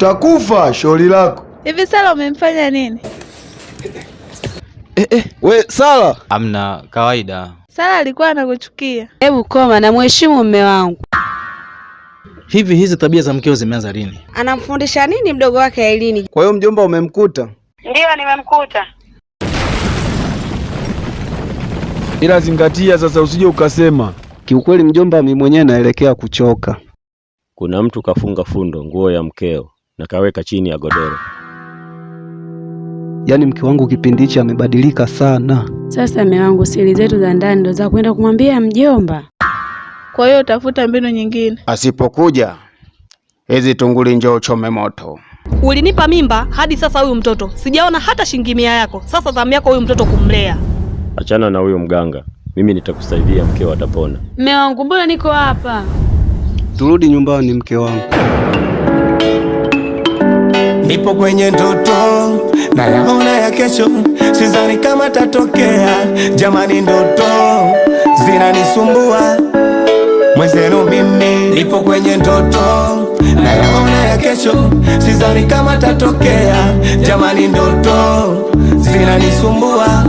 Utakufa shauri lako. Hivi Sala umemfanya nini? Eh, eh, we Sala. Amna kawaida. Sala alikuwa anakuchukia. Hebu koma na mheshimu mume wangu. Hivi hizi tabia za mkeo zimeanza lini? Anamfundisha nini mdogo wake Ailini? Kwa hiyo mjomba umemkuta? Ndiyo, nimemkuta. Ila zingatia sasa, usije ukasema. Kiukweli mjomba mimi mwenyewe naelekea kuchoka. Kuna mtu kafunga fundo nguo ya mkeo na kaweka chini ya godoro. Yaani mke wangu kipindi hichi amebadilika sana. Sasa mke wangu, siri zetu za ndani ndo za kwenda kumwambia mjomba. Kwa hiyo tafuta mbinu nyingine. Asipokuja hizi tunguli, njoo uchome moto. Ulinipa mimba hadi sasa, huyu mtoto sijaona hata shilingi mia yako. Sasa zamu yako huyu mtoto kumlea. Achana na huyu mganga, mimi nitakusaidia, mkeo atapona. Mme wangu, mbona niko hapa? Turudi nyumbani, mke wangu nipo kwenye ndoto na yaona ya kesho, sizani kama tatokea. Jamani, ndoto zinanisumbua mwenzenu, mimi nipo kwenye ndoto na yaona ya kesho, sizani kama tatokea. Jamani, ndoto zinanisumbua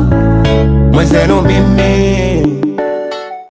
mwenzenu, mimi